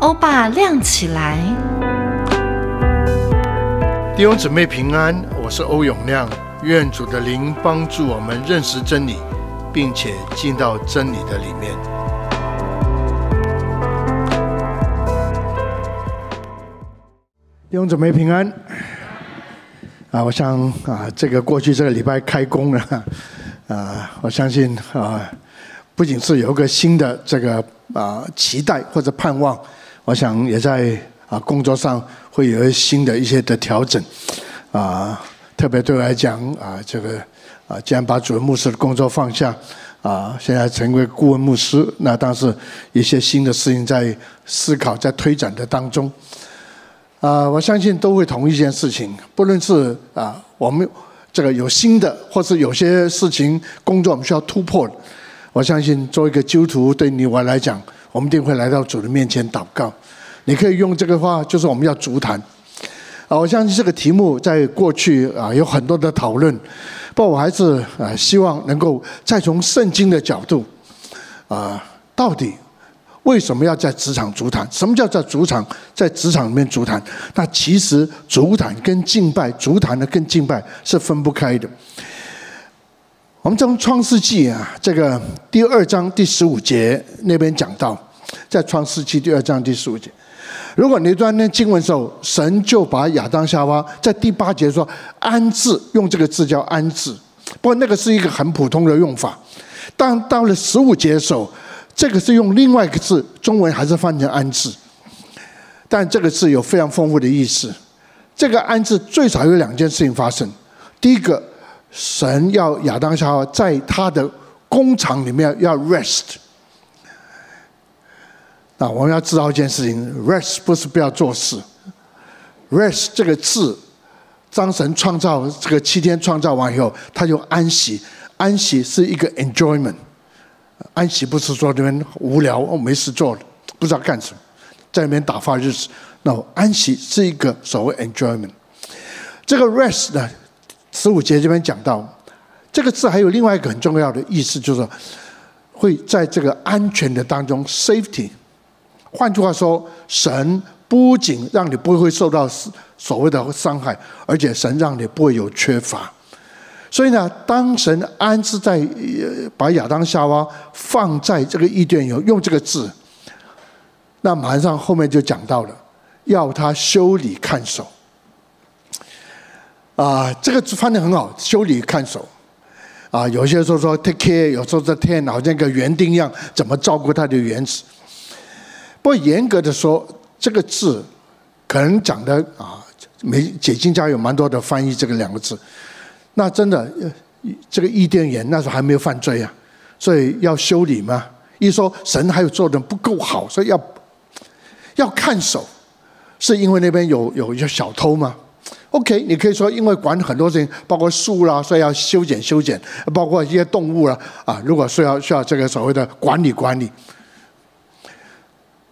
歐巴亮起來，弟兄姊妹平安，我是歐永亮，願主的靈幫助我們認識真理，並且進到真理的裡面。弟兄姊妹平安，啊，我想啊，這個過去這個禮拜開工了，啊，啊，我相信啊，不僅是有一個新的這個啊期待或者盼望。我想也在啊工作上會有一些新的一些的調整，啊，特別對我來講啊，這個啊，既然把主任牧師的工作放下，啊，現在成為顧問牧師，那當時一些新的事情在思考、在推展的當中，啊，我相信都會同一件事情，不論是啊我們這個有新的，或是有些事情工作我們需要突破，我相信做一個基督徒對你我來講。我們一定會來到主的面前禱告。你可以用這個話，就是我們要築壇啊！我相信這個題目在過去啊有很多的討論，不過我還是啊希望能夠再從聖經的角度啊，到底為什麼要在職場築壇？什麼叫在職場？在職場裡面築壇？那其實築壇跟敬拜，築壇呢跟敬拜是分不開的。我們從《創世紀》啊，這個第二章第十五節那邊講到，在《創世紀》第二章第十五節，如果你讀念經文的時候，神就把亞當夏娃在第八節說“安置”，用這個字叫“安置”。不過那個是一個很普通的用法，但到了十五節的時候，這個是用另外一個字，中文還是翻成“安置”，但這個字有非常豐富的意思。這個“安置”最少有兩件事情發生，第一個。神要亞當夏娃在他的工廠裡面要 rest。那我們要知道一件事情，rest 不是不要做事，rest 這個字，當神創造這個七天創造完以後，他就安息。安息是一個 enjoyment，安息不是說你們無聊哦，沒事做不知道幹什麼，在那邊打發日子。那安息是一個所謂 enjoyment，這個 rest 呢？十五節這邊講到，這個字還有另外一個很重要的意思，就是說，會在這個安全的當中 （safety）。換句話說，神不僅讓你不會受到所謂的傷害，而且神讓你不會有缺乏。所以呢，當神安置在把亞當夏娃放在這個伊甸園以後，用這個字，那馬上後面就講到了，要他修理看守。啊，這個字翻得很好，修理看守，啊，有些人說說 take care，有時候在天好像一個園丁一樣，怎麼照顧他的園子？不嚴格的說，這個字可能講的啊，沒解經家有蠻多的翻譯這個兩個字。那真的，這個伊甸園那時候還沒有犯罪啊，所以要修理嘛。一說神還有做的不夠好，所以要要看守，是因為那邊有有一些小偷嗎？OK，你可以說，因為管很多事情，包括樹啦，所以要修剪修剪；包括一些動物啦，啊，如果需要需要這個所謂的管理管理。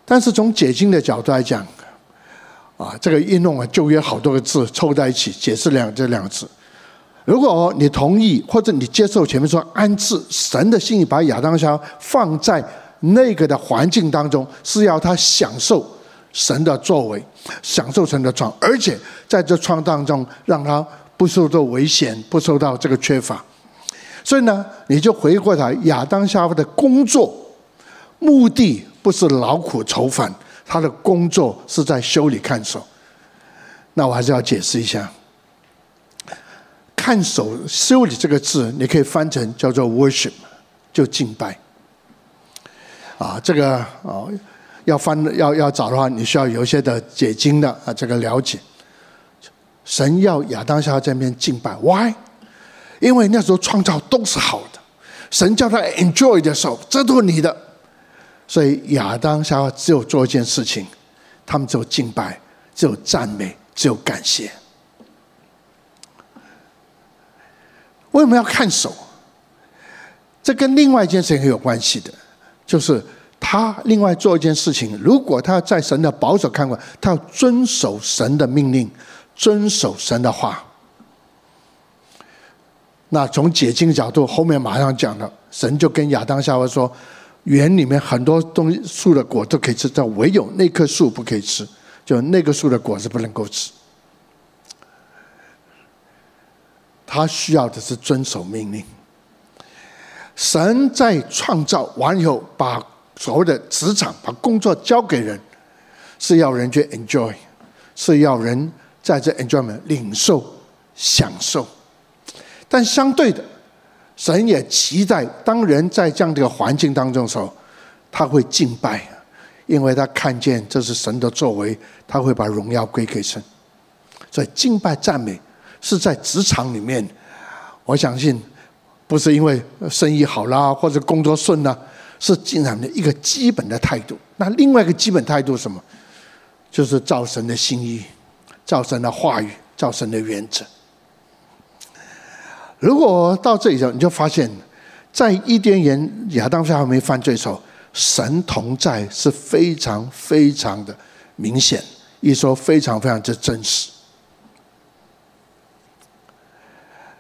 但是從解經的角度來講，啊，這個運動啊，就約好多個字湊在一起解釋兩這兩個字。如果你同意或者你接受前面說，安置神的心意，把亞當夏放在那個的環境當中，是要他享受。神的作為，享受神的創，而且在這創當中，讓他不受到危險，不受到這個缺乏。所以呢，你就回過來，亞當夏娃的工作目的不是勞苦愁煩，他的工作是在修理看守。那我還是要解釋一下，“看守修理”這個字，你可以翻成叫做 worship，就敬拜。啊，這個啊。要翻要要找的話，你需要有一些的解經的啊，這個了解。神要亞當夏娃這邊敬拜，Why？因為那時候創造都是好的，神叫他 enjoy 的時候，這都是你的。所以亞當夏娃只有做一件事情，他們只有敬拜，只有讚美，只有感謝。為什麼要看守？這跟另外一件事情很有關係的，就是。他另外做一件事情，如果他在神的保守看管，他要遵守神的命令，遵守神的話。那從解經角度，後面馬上講了，神就跟亞當夏娃說：“園裡面很多東西樹的果都可以吃，但唯有那棵樹不可以吃，就那個樹的果子不能夠吃。”他需要的是遵守命令。神在創造完以後把。所謂的職場，把工作交給人，是要人去 enjoy，是要人在這 enjoyment 領受享受。但相對的，神也期待當人在這樣的一個環境當中的時候，他會敬拜，因為他看見這是神的作為，他會把榮耀歸給神。所以敬拜讚美是在職場裡面，我相信不是因為生意好啦，或者工作順啦。是敬神的一個基本的態度。那另外一個基本態度是什麼？就是照神的心意，照神的話語，照神的原則。如果到這裡頭，你就發現在伊甸園亞當夏娃還沒犯罪的時候，神同在是非常非常的明顯，一說非常非常之真實。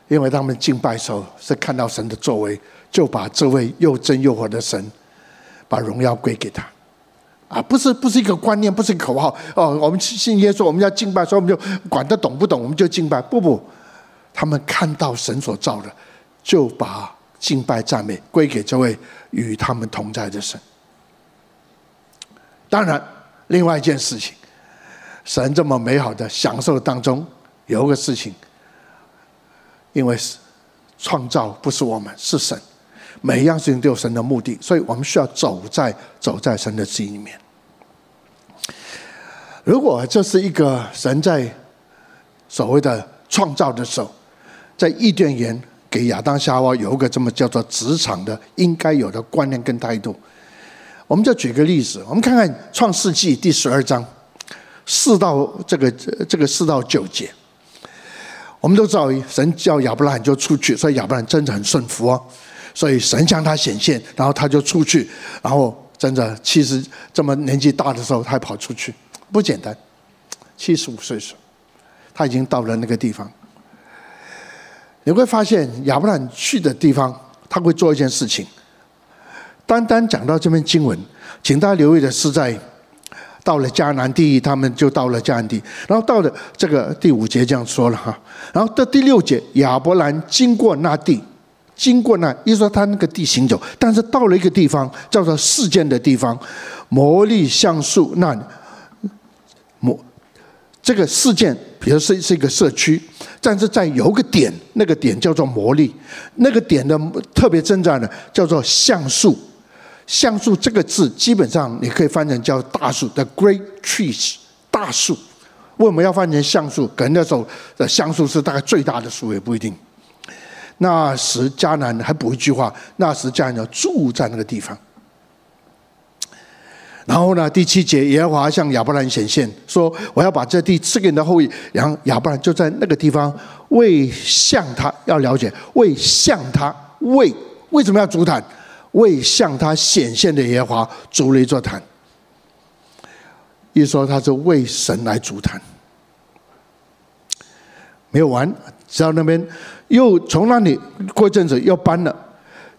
因為他們敬拜的時候是看到神的作為。就把這位又真又活的神，把榮耀歸給他，啊，不是不是一個觀念，不是一個口號哦。我們信耶穌，我們要敬拜，所以我們就管他懂不懂，我們就敬拜。不不，他們看到神所造的，就把敬拜讚美歸給這位與他們同在的神。當然，另外一件事情，神這麼美好的享受當中，有個事情，因為創造不是我們，是神。每一樣事情都有神的目的，所以我們需要走在走在神的心裡面。如果這是一個神在所謂的創造的時候，在伊甸園給亞當夏娃有一個這麼叫做職場的應該有的觀念跟態度，我們就舉個例子，我們看看《創世紀》第十二章四到這個這個四到九節。我們都知道，神叫亞伯蘭就出去，所以亞伯蘭真的很順服哦、啊。所以神向他顯現，然後他就出去，然後真的七十這麼年紀大的時候他還跑出去，不簡單。七十五歲時，他已經到了那個地方。你會發現亞伯蘭去的地方，他會做一件事情。單單講到這篇經文，請大家留意的是在到了迦南地，他們就到了迦南地，然後到了這個第五節這樣說了哈，然後到第六節亞伯蘭經過那地。經過那，一說他那個地行走，但是到了一個地方叫做示劍的地方，摩利橡樹那魔這個示劍，比如說是一個社區，但是在有個點，那個點叫做摩利，那個點的特別正在的叫做橡樹，橡樹這個字基本上你可以翻成叫大樹的 great trees，大樹。為什麼要翻成橡樹？可能那時候的橡樹是大概最大的樹，也不一定。那時迦南還補一句話：那時迦南要住在那個地方。然後呢，第七節，耶和華向亞伯蘭顯現，說：“我要把這地賜給你的後裔。”然後亞伯蘭就在那個地方為向他要了解，為向他為為什麼要築壇，為向他顯現的耶和華築了一座壇。一說他是為神來築壇，沒有完，只要那邊。又從那裡過一陣子，又搬了，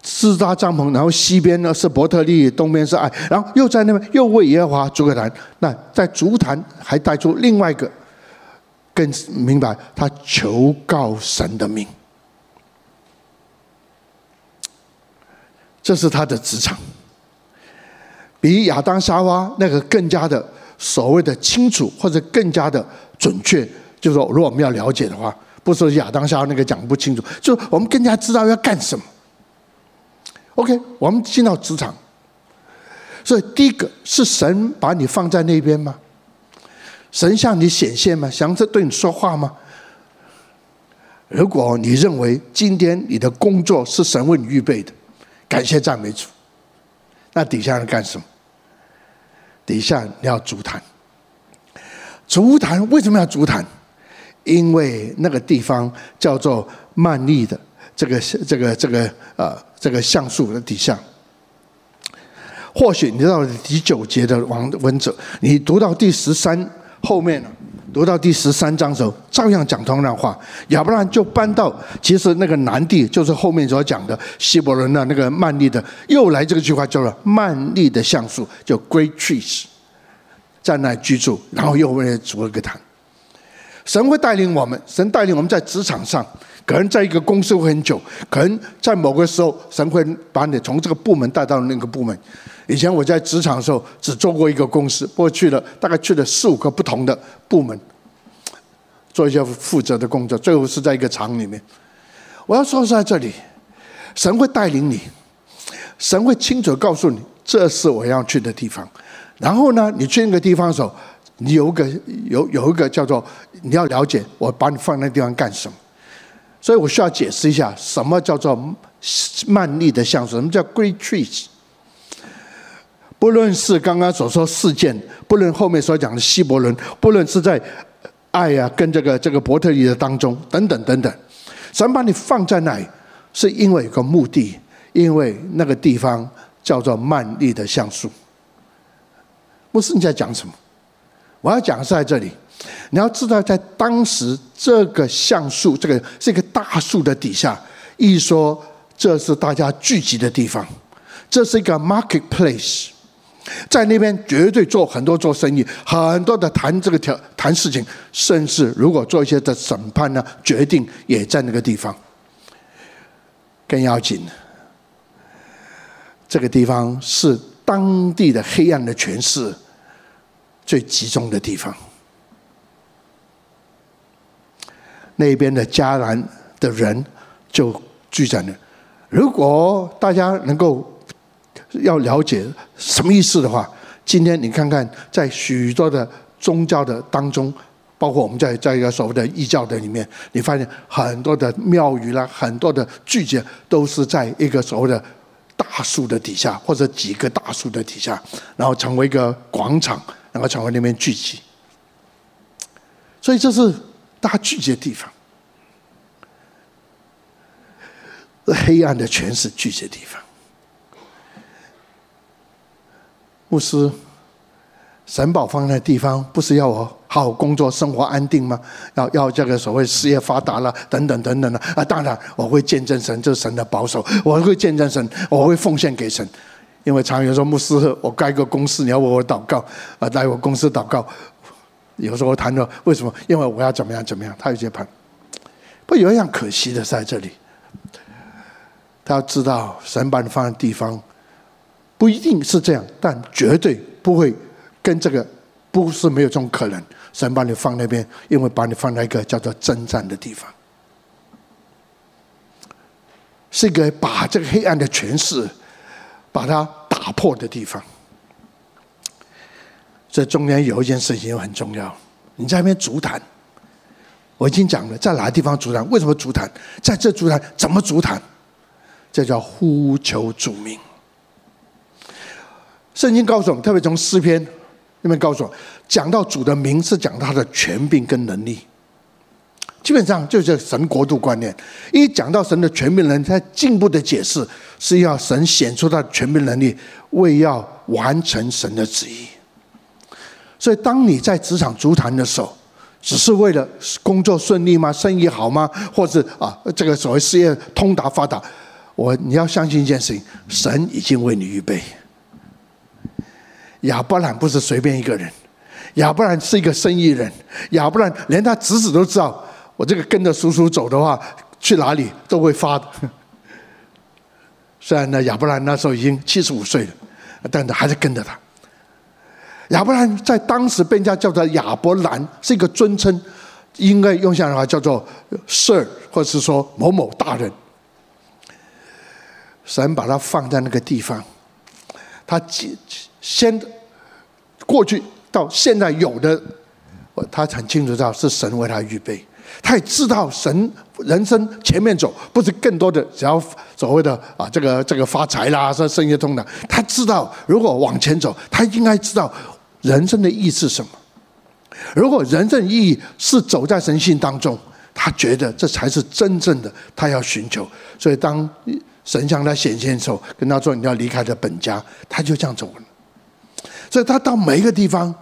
支搭帳篷，然後西邊呢是伯特利，東邊是艾，然後又在那邊又為耶和華築個壇。那在築壇還帶出另外一個更明白，他求告神的名。這是他的職場，比亞當夏娃那個更加的所謂的清楚，或者更加的準確。就是說，如果我們要了解的話。不是說亞當夏娃那個講不清楚，就我們更加知道要幹什麼。OK，我們進到職場，所以第一個是神把你放在那邊嗎？神向你顯現嗎？想着對你說話嗎？如果你認為今天你的工作是神為你預備的，感謝讚美主，那底下要幹什麼？底下你要築壇，築壇為什麼要築壇？因為那個地方叫做曼利的這個這個這個呃這個橡樹的底下，或許你到了第九節的王文字，你讀到第十三後面讀到第十三章的時候，照樣講同樣話，亞伯蘭就搬到其實那個南地，就是後面所講的希伯倫的那個曼利的，又來這個句話叫做曼利的橡樹，叫 Great Trees，在那居住，然後又為築了個壇。神會帶領我們，神帶領我們在職場上，可能在一個公司會很久，可能在某個時候，神會把你從這個部門帶到那個部門。以前我在職場的時候，只做過一個公司，過去了大概去了四五個不同的部門，做一些負責的工作。最後是在一個廠裡面。我要說是在這裡，神會帶領你，神會清楚告訴你這是我要去的地方。然後呢，你去那個地方的時候。你有一個有有一個叫做你要了解我把你放在那地方幹什麼？所以我需要解釋一下，什麼叫做幔利的橡樹？什麼叫 Great Trees？不論是剛剛所說事件，不論後面所講的希伯倫，不論是在愛啊跟這個這個伯特利的當中，等等等等，咱把你放在那裡，是因為有個目的，因為那個地方叫做幔利的橡樹。不是，你在講什麼？我要講的是在這裡，你要知道，在當時這個橡樹，這個這個大樹的底下，一說這是大家聚集的地方，這是一個 marketplace，在那邊絕對做很多做生意，很多的談這個條談，談事情，甚至如果做一些的審判呢，決定也在那個地方。更要緊，這個地方是當地的黑暗的權勢。最集中的地方，那邊的迦南的人就聚在那。如果大家能夠要了解什麼意思的話，今天你看看，在許多的宗教的當中，包括我們在在一個所謂的異教的裡面，你發現很多的廟宇啦，很多的聚集都是在一個所謂的大樹的底下，或者幾個大樹的底下，然後成為一個廣場。然後從那邊聚集，所以這是大家聚集的地方。黑暗的全是聚集的地方。牧師，神保放那地方不是要我好好工作，生活安定嗎？要要這個所謂事業發達了，等等等等的啊。當然我會見證神，這是神的保守。我會見證神，我會奉獻給神。因為常，常有人說：“牧師，我蓋個公司，你要為我禱告，來我公司禱告。”有時候我談到為什麼？因為我要怎麼樣怎麼樣？他有些怕。不，有一樣可惜的在這裡。他知道神把你放在地方，不一定是這樣，但絕對不會跟這個不是沒有這種可能。神把你放那邊，因為把你放在一個叫做征戰的地方，是一個把這個黑暗的權勢。把它打破的地方。這中間有一件事情很重要，你在那邊築壇，我已經講了，在哪個地方築壇？為什麼築壇？在這築壇怎麼築壇？這叫呼求主名。聖經告訴我們，特別從詩篇，那邊告訴我，講到主的名是講他的權柄跟能力。基本上就是神國度觀念。一講到神的全面能力，他進一步的解釋是要神顯出他的全面能力，為要完成神的旨意。所以，當你在職場、築壇的時候，只是為了工作順利嗎？生意好嗎？或者啊，這個所謂事業通達發達，我你要相信一件事情：神已經為你預備。亞伯蘭不是隨便一個人，亞伯蘭是一個生意人，亞伯蘭連他侄子都知道。我這個跟着叔叔走的話，去哪裡都會發的。雖然呢，亞伯蘭那時候已經七十五歲了，但他還是跟着他。亞伯蘭在當時被人家叫做亞伯蘭，是一個尊稱，應該用下的話叫做 “Sir” 或者是說“某某大人”。神把他放在那個地方，他先過去到現在有的，他很清楚知道是神為他預備。他也知道神人生前面走不是更多的，只要所謂的啊這個這個發財啦，這生意通的。他知道如果往前走，他應該知道人生的意義是什麼。如果人生意義是走在神性當中，他覺得這才是真正的他要尋求。所以當神向他顯現的時候，跟他說，你要離開的本家，他就這樣走了。所以他到每一個地方，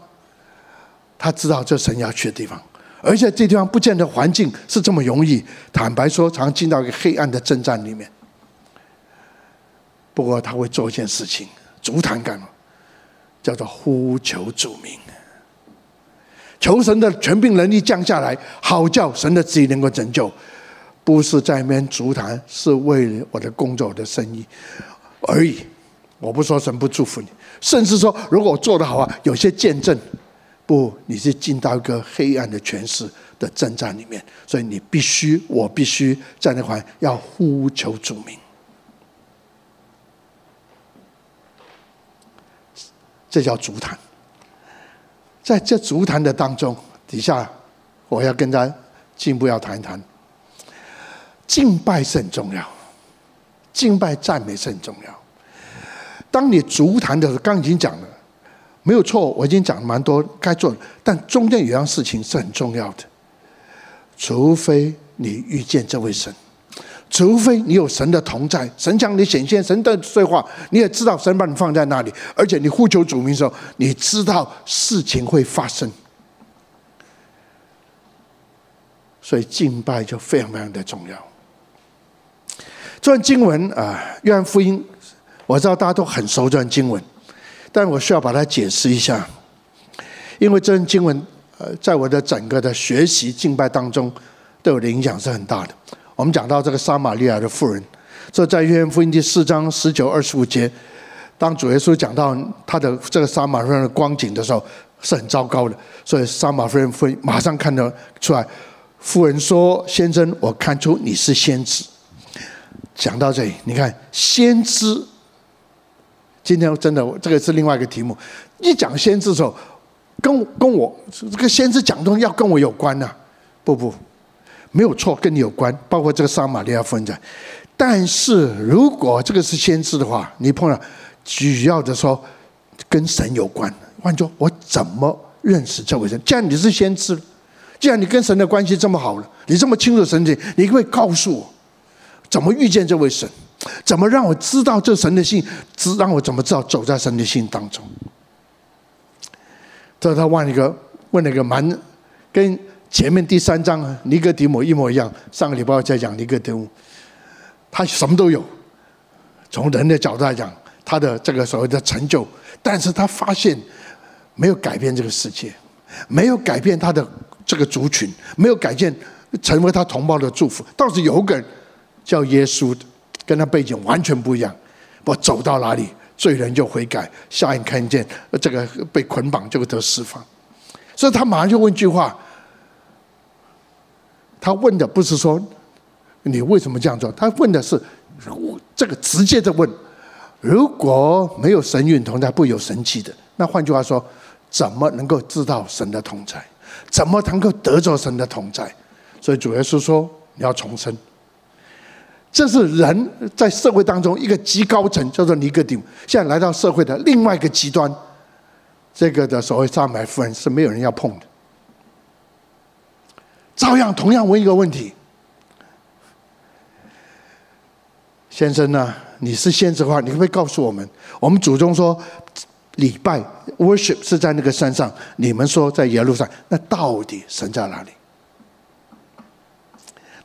他知道這是神要去的地方。而且這地方不見得環境是這麼容易。坦白說，常進到一個黑暗的征戰裡面。不過他會做一件事情，築壇幹嘛？叫做呼求主名，求神的權柄能力降下來，好叫，神的旨意能夠拯救。不是在那邊築壇，是為了我的工作、我的生意而已。我不說神不祝福你，甚至說，如果我做得好啊，有些見證。不，你是進到一個黑暗的權勢的征戰裡面，所以你必須，我必須在那塊要呼求主名。這叫足壇。在這足壇的當中，底下我要跟他進一步要談一談。敬拜是很重要，敬拜讚美是很重要。當你足壇的時候，剛已經講了。沒有錯，我已經講了蠻多該做的，但中間有樣事情是很重要的。除非你遇見這位神，除非你有神的同在，神將你顯現，神的說話你也知道，神把你放在那裡，而且你呼求主名的時候，你知道事情會發生。所以敬拜就非常非常的重要。這段經文啊，《約安福音》，我知道大家都很熟這段經文。但我需要把它解釋一下，因為這篇經文，呃，在我的整個的學習敬拜當中，對我的影響是很大的。我們講到這個撒瑪利亞的婦人，所以在約翰福音第四章十九、二十五節，當主耶穌講到他的這個撒瑪利亞的光景的時候，是很糟糕的。所以撒瑪利亞婦人馬上看得出來，婦人說：“先生，我看出你是先知。”講到這裡，你看先知。今天真的，這個是另外一個題目。一講先知的時候，跟我跟我這個先知講的東西要跟我有關呢、啊？不不，沒有錯，跟你有關，包括這個撒馬利亞婦人在。但是如果這個是先知的話，你碰到，主要的說跟神有關，換做我怎麼認識這位神？既然你是先知，既然你跟神的關係這麼好了，你這麼清楚神的，你會告訴我怎麼遇見這位神？怎麼讓我知道這神的心，讓讓我怎麼知道走在神的心當中？這他問了一個問，那個蠻跟前面第三章尼哥底母一模一樣。上個禮拜我在講尼哥底母，他什麼都有，從人的角度來講，他的這個所謂的成就，但是他發現沒有改變這個世界，沒有改變他的這個族群，沒有改變成為他同胞的祝福。倒是有個人叫耶穌的。跟他背景完全不一樣，我走到哪裡，罪人就悔改，下眼看見這個被捆綁，就會得釋放。所以他馬上就問一句話，他問的不是說你為什麼這樣做，他問的是如這個直接的問：如果沒有神與同在，不有神蹟的，那換句話說，怎麼能夠知道神的同在？怎麼能夠得着神的同在？所以主耶穌說：你要重生。這是人在社會當中一個極高層，叫做尼格丁。現在來到社會的另外一個極端，這個的所謂撒瑪利亞婦人是沒有人要碰的，照樣同樣問一個問題：先生呢？你是先知的話，你可不可以告訴我們？我們祖宗說禮拜 worship 是在那個山上，你們說在耶路撒冷上，那到底神在哪裡？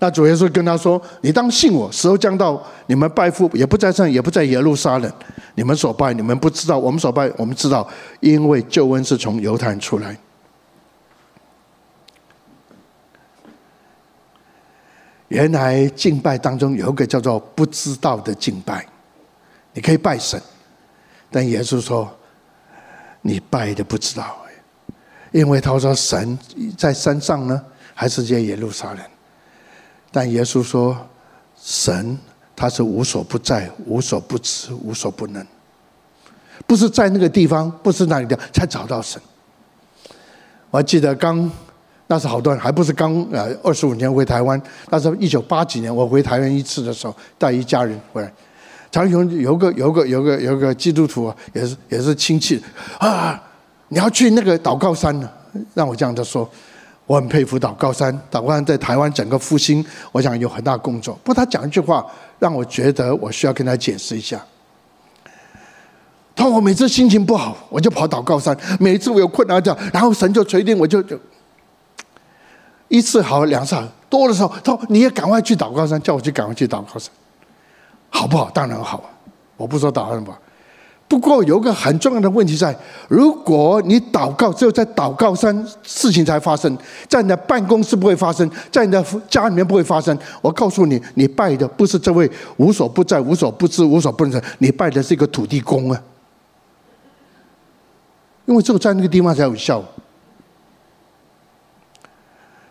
那主耶穌跟他說：“你當信我，時候將到，你們拜父也不在上，也不在耶路撒冷。你們所拜，你們不知道；我們所拜，我們知道，因為救恩是從猶太人出來。原來敬拜當中有一個叫做‘不知道的敬拜’，你可以拜神，但耶穌說，你拜的不知道，因為他說神在山上呢，還是在耶路撒冷。”但耶穌說，神他是無所不在、無所不知、無所不能，不是在那個地方，不是那裡的才找到神。我還記得剛，那是好多人，還不是剛呃二十五年回台灣，那時候一九八幾年我回台灣一次的時候，帶一家人回來，長雄有個有個有個有個基督徒也是也是親戚，啊，你要去那個禱告山呢、啊，讓我這樣子說。我很佩服禱告山，禱告山在台灣整個復興，我想有很大工作。不過他講一句話，讓我覺得我需要跟他解釋一下。他說：“我每次心情不好，我就跑禱告山；每一次我有困難，叫然後神就垂聽，我就就一次好，兩次好，多的時候他說你也趕快去禱告山，叫我去趕快去禱告山，好不好？當然好啊，我不說道禱吧不好。”不過有個很重要的問題在：如果你禱告只有在禱告山事情才發生在你的辦公室不會發生，在你的家裡面不會發生。我告訴你，你拜的不是這位無所不在、無所不知、無所不能，你拜的是一個土地公啊！因為只有在那個地方才有效。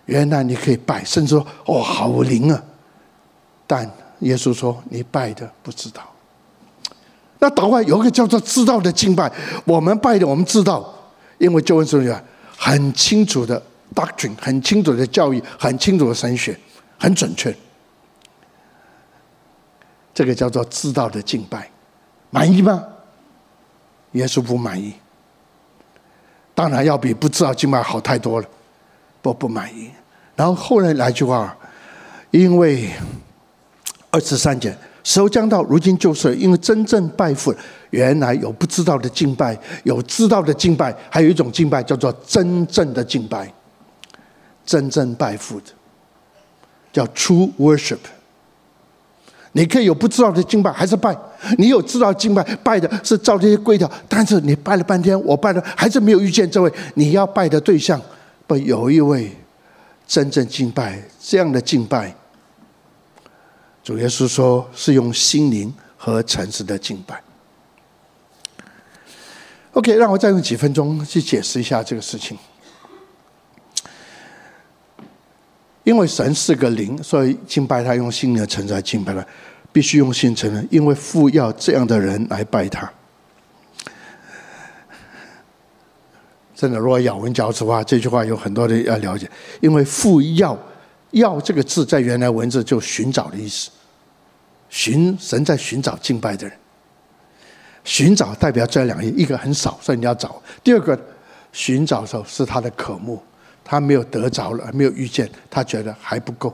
原來你可以拜，甚至說哦，好靈啊！但耶穌說，你拜的不知道。那島外有一個叫做“知道”的敬拜，我們拜的我們知道，因為教會中有很清楚的 doctrine、很清楚的教育、很清楚的神學，很準確。這個叫做“知道”的敬拜，滿意嗎？耶穌不滿意，當然要比不知道敬拜好太多了，不不滿意。然後後來來句話，因為二十三節。時候將到，如今就是，因為真正拜父，原來有不知道的敬拜，有知道的敬拜，還有一種敬拜叫做真正的敬拜，真正拜父的，叫 True Worship。你可以有不知道的敬拜，還是拜；你有知道敬拜，拜的是照這些規條，但是你拜了半天，我拜了還是沒有遇見這位你要拜的對象。不，有一位真正敬拜這樣的敬拜。主耶穌說：“是用心靈和誠實的敬拜。”OK，讓我再用幾分鐘去解釋一下這個事情。因為神是個靈，所以敬拜他用心靈的誠實來敬拜他，必須用心誠實，因為父要這樣的人來拜他。真的，如果咬文嚼字的話，這句話有很多的要了解，因為父要。“要”這個字，在原來文字就尋找的意思，尋神在尋找敬拜的人。尋找代表這兩個一個很少，所以你要找；第二個，尋找的時候是他的渴慕，他沒有得着了，沒有遇見，他覺得還不夠。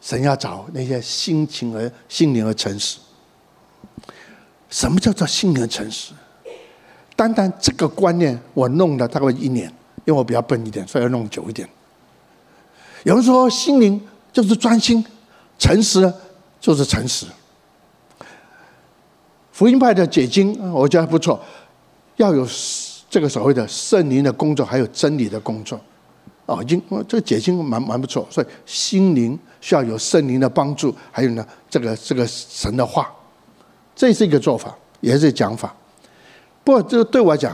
神要找那些心情和心靈和誠實。什麼叫做心靈和誠實？單單這個觀念，我弄了大概一年，因為我比較笨一點，所以要弄久一點。有人說心靈就是專心，誠實就是誠實。福音派的解經我覺得還不錯，要有這個所謂的聖靈的工作，還有真理的工作。哦，因這個解經蠻蠻，蠻不錯，所以心靈需要有聖靈的幫助，還有呢這個這個神的話，這是一個做法，也是一個講法。不過，這個對我來講。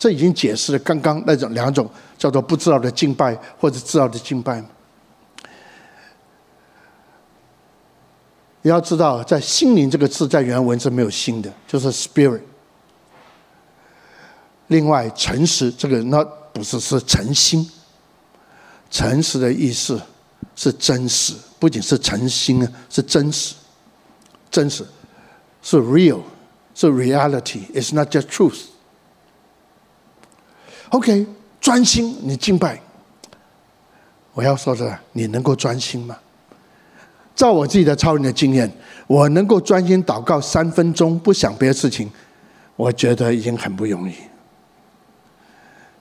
這已經解釋了剛剛那種兩種叫做不知道的敬拜或者知道的敬拜。你要知道，在“心靈”這個字在原文是沒有“心”的，就是 “spirit”。另外，“誠實”這個那不是是“誠心”，“誠實”的意思是真實，不僅是誠心，是真實，真實是 real，是 reality，it's not just truth。OK，專心，你敬拜。我要說的，你能夠專心嗎？照我自己的超人的經驗，我能夠專心禱告三分鐘，不想別的事情，我覺得已經很不容易。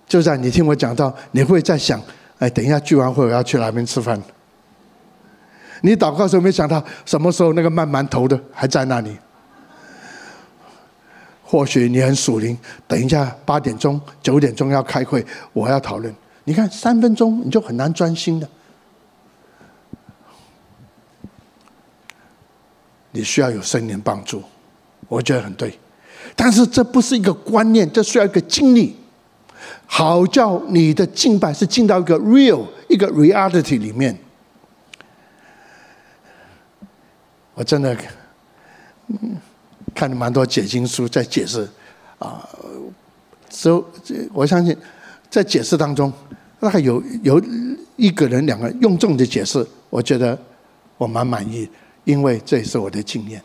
就在你聽我講到，你會在想，哎，等一下聚完會我要去哪邊吃飯？你禱告的時候沒想到，什麼時候那個賣饅頭的還在那裡？或許你很屬靈，等一下八點鐘、九點鐘要開會，我要討論。你看三分鐘你就很難專心的，你需要有聖靈幫助。我覺得很對，但是這不是一個觀念，這需要一個經歷，好叫你的敬拜是進到一個 real、一個 reality 裡面。我真的，嗯。看了蠻多解經書，在解釋，啊，所以我相信在解釋當中，那有有一個人、兩個用重的解釋，我覺得我蠻滿意，因為這也是我的經驗。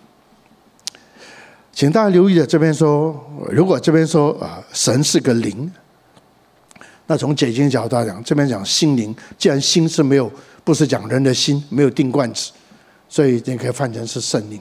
請大家留意的這邊說，如果這邊說啊，神是個靈，那從解經角度來講，這邊講心靈，既然心是沒有，不是講人的心，沒有定冠詞，所以你可以翻成是聖靈。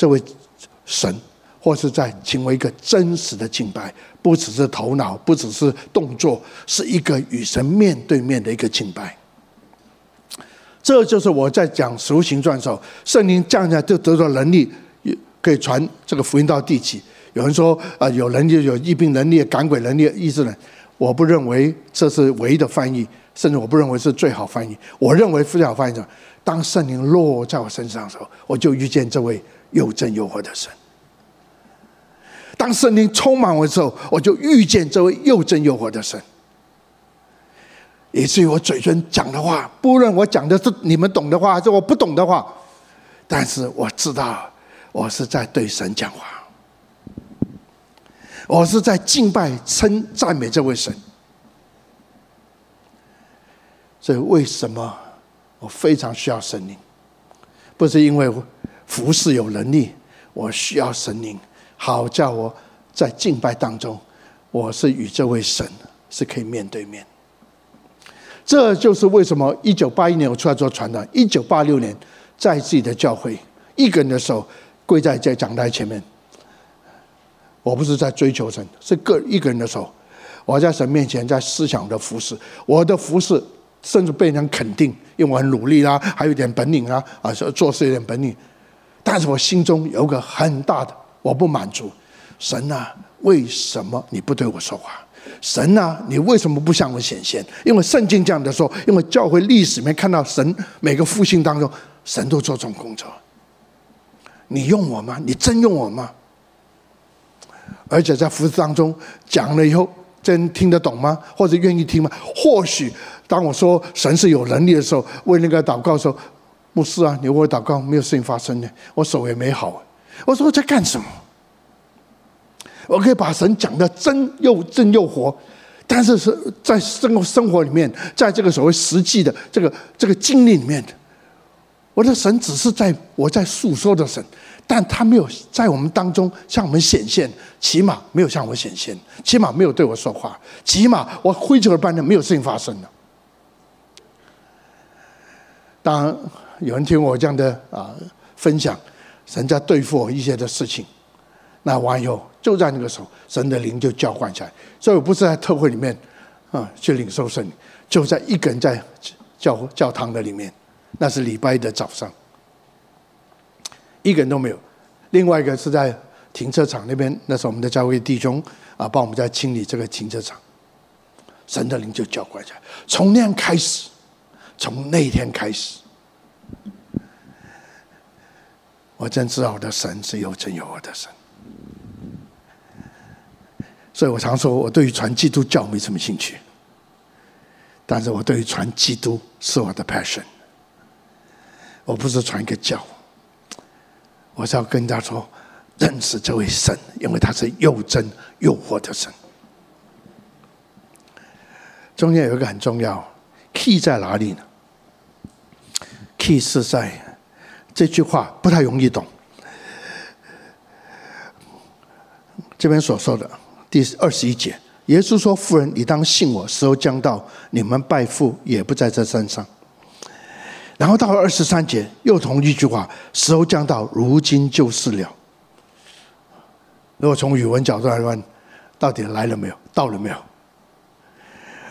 這位神，或是在成為一個真實的敬拜，不只是頭腦，不只是動作，是一個與神面對面的一個敬拜。這就是我在講《使行傳》時候，聖靈降下就得到能力，可以傳這個福音到地極。有人說，啊，有能力，有疫病能力，趕鬼能力，醫治能力，我不認為這是唯一的翻譯，甚至我不認為是最好翻譯。我認為最好翻譯什麼？當聖靈落在我身上的時候，我就遇見這位。又真又活的神，當聖靈充滿我之後，我就遇見這位又真又活的神。以至於我嘴唇講的話，不論我講的是你們懂的話，還是我不懂的話，但是我知道，我是在對神講話，我是在敬拜、稱讚美這位神。所以，為什麼我非常需要神靈？不是因為我。服侍有能力，我需要神靈，好叫我在敬拜當中，我是與這位神是可以面對面。這就是為什麼一九八一年我出來做傳道，一九八六年在自己的教會，一個人的時候跪在在講臺前面，我不是在追求神，是個一個人的時候，我在神面前在思想的服侍，我的服侍甚至被人肯定，因為我很努力啦、啊，還有一點本領啊，啊，做事有點本領。但是我心中有個很大的我不滿足，神吶、啊，為什麼你不對我說話？神吶、啊，你為什麼不向我顯現？因為聖經講的時候，因為教會歷史裡面看到神每個復興當中，神都做這種工作。你用我嗎？你真用我嗎？而且在服侍當中講了以後，真聽得懂嗎？或者願意聽嗎？或許當我說神是有能力的時候，為那個禱告的時候。牧師啊，你為我禱告，沒有事情發生的，我手也沒好。我說我在幹什麼？我可以把神講得真又真又活，但是是在生生活裡面，在這個所謂實際的這個這個經歷裡面，我的神只是在我在訴說的神，但他沒有在我們當中向我們顯現，起碼沒有向我顯現，起碼沒有對我說話，起碼我灰去了半天，沒有事情發生了。當有人聽我這樣的啊分享，神在對付我一些的事情，那完以後就在那個時候，神的靈就澆灌下來。所以我不是在特會裡面啊去領受聖靈，就在一個人在教教堂的裡面，那是禮拜一的早上，一個人都沒有。另外一個是在停車場那邊，那是我們的教會弟兄啊幫我們在清理這個停車場，神的靈就澆灌下來。從那樣開始，從那一天開始。我真知道我的神是又真又活的神，所以我常說，我對於傳基督教沒什麼興趣，但是我對於傳基督是我的 passion。我不是傳一個教，我是要跟他說認識這位神，因為他是又真又活的神。中間有一個很重要 key 在哪裡呢？key 是在這句話不太容易懂，這邊所說的第二十一節，耶穌說：“婦人，你當信我，時候將到，你們拜父也不在這山上。”然後到了二十三節，又同一句話：“時候將到，如今就是了。”如果從語文角度來問，到底來了沒有？到了沒有？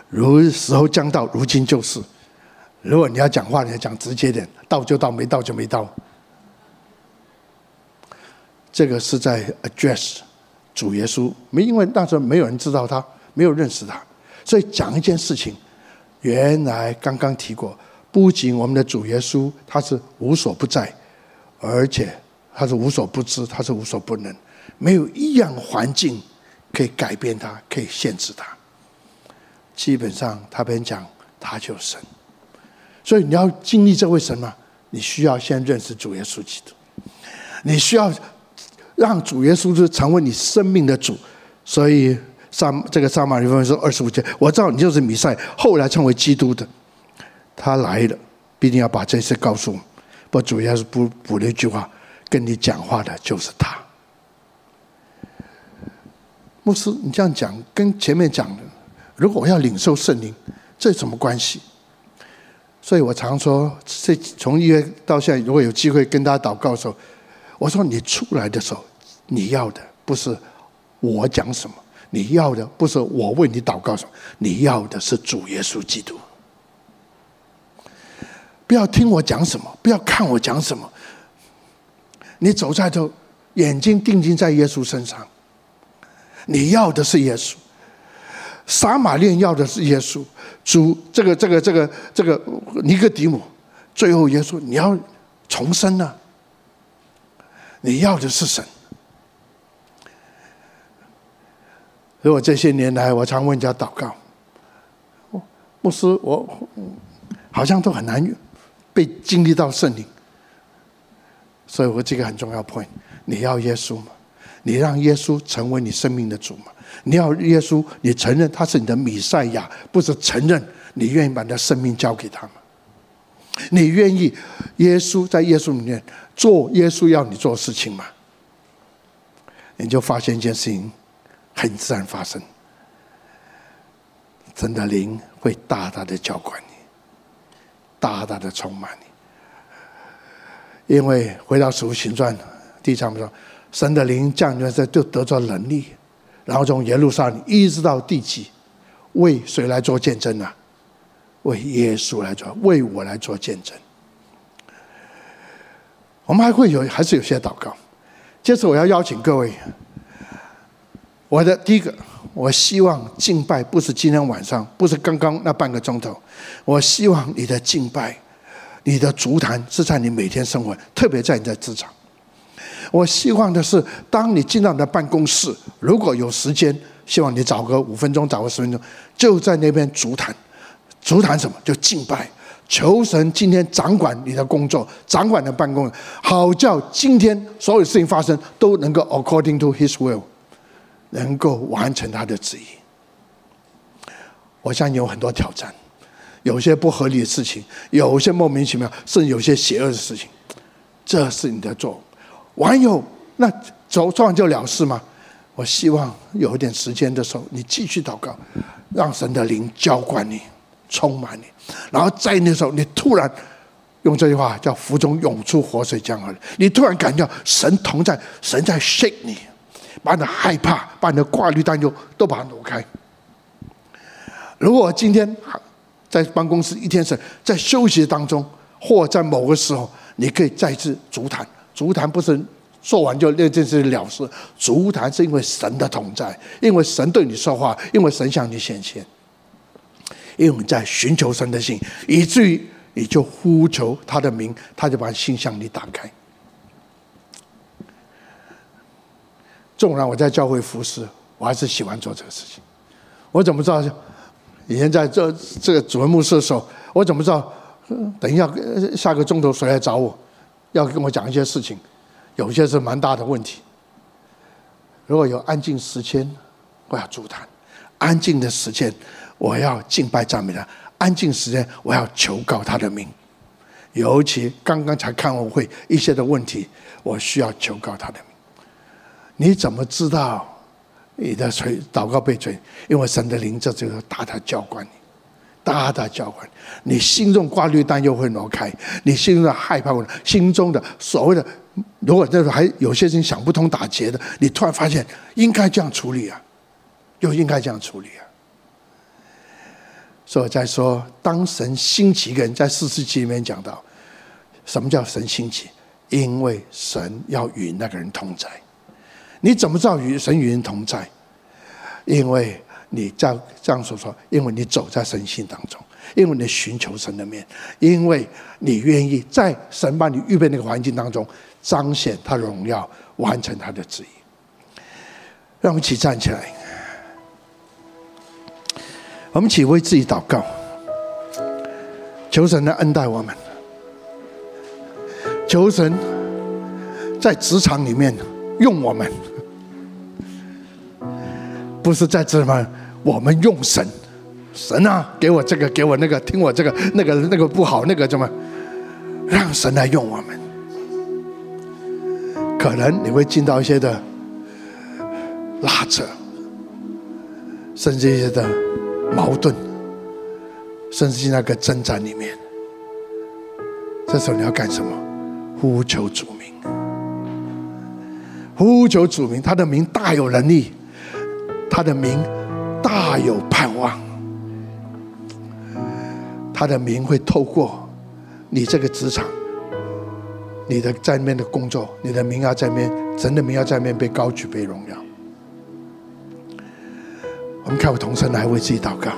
如時候將到，如今就是。如果你要講話，你要講直接點，到就到，沒到就沒到。這個是在 address 主耶穌，沒因為那時候沒有人知道他，沒有認識他，所以講一件事情。原來剛剛提過，不僅我們的主耶穌他是無所不在，而且他是無所不知，他是無所不能，沒有一樣環境可以改變他，可以限制他。基本上他邊講，他就是神。所以你要經歷這為什麼？你需要先認識主耶穌基督，你需要讓主耶穌是成為你生命的主。所以撒這個撒瑪利亞婦人說：“二十五節，我知道你就是彌賽，後來稱為基督的，他來了，必定要把這些告訴我們。不，過主耶穌不，主耶穌補了一句話，跟你講話的就是他。牧師，你這樣講，跟前面講的，如果我要領受聖靈，這有什麼關係？”所以我常說，這從醫院到現在，如果有機會跟他禱告的時候，我說，你出來的時候，你要的不是我講什麼，你要的不是我為你禱告什麼，你要的是主耶穌基督。不要聽我講什麼，不要看我講什麼，你走在頭，眼睛定睛在耶穌身上，你要的是耶穌。殺馬烈要的是耶穌，主，這個這個這個這個尼哥底母，最後耶穌，你要重生呢、啊？你要的是神。所以我這些年來，我常問人家禱告，牧師，我好像都很難被經歷到聖靈，所以我這個很重要的 point，你要耶穌嗎？你讓耶穌成為你生命的主嗎？你要耶穌，你承認他是你的彌賽亞，不是承認你願意把你的生命交給他嗎？你願意耶穌在耶穌裡面做耶穌要你做的事情嗎？你就發現一件事情，很自然發生，神的靈會大大的澆灌你，大大的充滿你，因為回到《使徒行傳》第一章說，神的靈降在就得到能力。然後從耶路撒冷一直到地極，為誰來做見證呢、啊？為耶穌來做，為我來做見證。我們還會有，還是有些禱告。接着我要邀請各位，我的第一個，我希望敬拜不是今天晚上，不是剛剛那半個鐘頭，我希望你的敬拜，你的築壇，是在你每天生活，特別在你的職場。我希望的是，當你進到你的辦公室，如果有時間，希望你找個五分鐘，找個十分鐘，就在那邊築壇，築壇什麼？就敬拜，求神今天掌管你的工作，掌管你的辦公，好叫今天所有事情發生都能夠 according to His will，能夠完成他的旨意。我相信有很多挑戰，有些不合理的事情，有些莫名其妙，甚至有些邪惡的事情，這是你的做。完有那走撞就了事嗎？我希望有一點時間的時候，你繼續禱告，讓神的靈澆灌你，充滿你，然後在那時候，你突然用這句話叫“腹中湧出活水江河”，你突然感覺到神同在，神在 shake 你，把你的害怕，把你的掛慮、擔憂都把它挪開。如果今天在辦公室一天神在休息當中，或在某個時候，你可以再次築壇。築壇不是做完就那件事了事，築壇是因為神的同在，因為神對你說話，因為神向你顯現，因為你在尋求神的心，以至於你就呼求他的名，他就把心向你打開。縱然我在教會服侍，我還是喜歡做這個事情。我怎麼知道？以前在這這個主任牧師的時候，我怎麼知道？等一下，下個鐘頭誰來找我？要跟我講一些事情，有些是蠻大的問題。如果有安靜時間，我要主他，安靜的時間，我要敬拜讚美他；安靜時間，我要求告他的名，尤其剛剛才開完會，一些的問題，我需要求告他的名。你怎麼知道你的吹禱告被催？因為神的靈在這就是大大澆灌你。大大叫喚，你心中掛慮擔又會挪開，你心中的害怕，心中的所謂的，如果這還有些人想不通打結的，你突然發現應該這樣處理啊，又應該這樣處理啊。所以我在說，當神興起一個人，在四十七裡面講到，什麼叫神興起？因為神要與那個人同在。你怎麼知道與神與人同在？因為。你這樣這樣說說，因為你走在神性當中，因為你尋求神的面，因為你願意在神幫你預備那個環境當中彰顯他的榮耀，完成他的旨意。讓我們一起站起來，我們一起為自己禱告，求神的恩待我們，求神在職場裡面用我們。不是在這嗎？我們用神，神啊，給我這個，給我那個，聽我這個，那個，那個不好，那個怎麼？讓神來用我們。可能你會進到一些的拉扯，甚至一些的矛盾，甚至在那個掙扎裡面。這時候你要幹什麼？呼求主名，呼求主名，他的名大有能力。他的名大有盼望，他的名會透過你這個職場，你的在面的工作，你的名啊在面，神的名啊在面被高舉被榮耀。我們看我同聲來為自己禱告，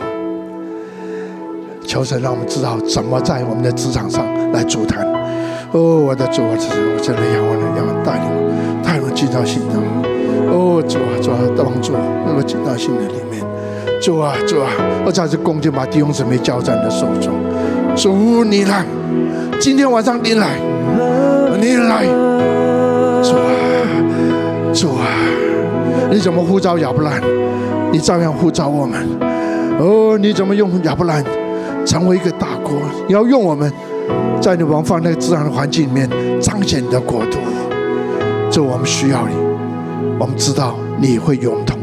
求神讓我們知道怎麼在我們的職場上來築壇。哦，我的主，我真我真的仰望你，要，我要我帶領，帶領建造新章。哦，oh, 主啊，主啊，大王主、啊，讓我進入到信的裡面。主啊，主啊，主啊，我在這恭敬把弟兄姊妹交在你的手中。主，主你來，今天晚上你來，你來，主啊，主啊，主啊，你怎麼呼召亞伯蘭？你照樣呼召我們。哦、oh,，你怎麼用亞伯蘭成為一個大國？你要用我們在你王放那個自然的環境裡面彰顯你的國度。這我們需要你。我們知道你會永同。